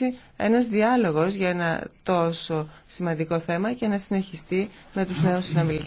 υπάρξει ένας διάλογος για ένα τόσο σημαντικό θέμα και να συνεχιστεί με τους νέους συνομιλητές.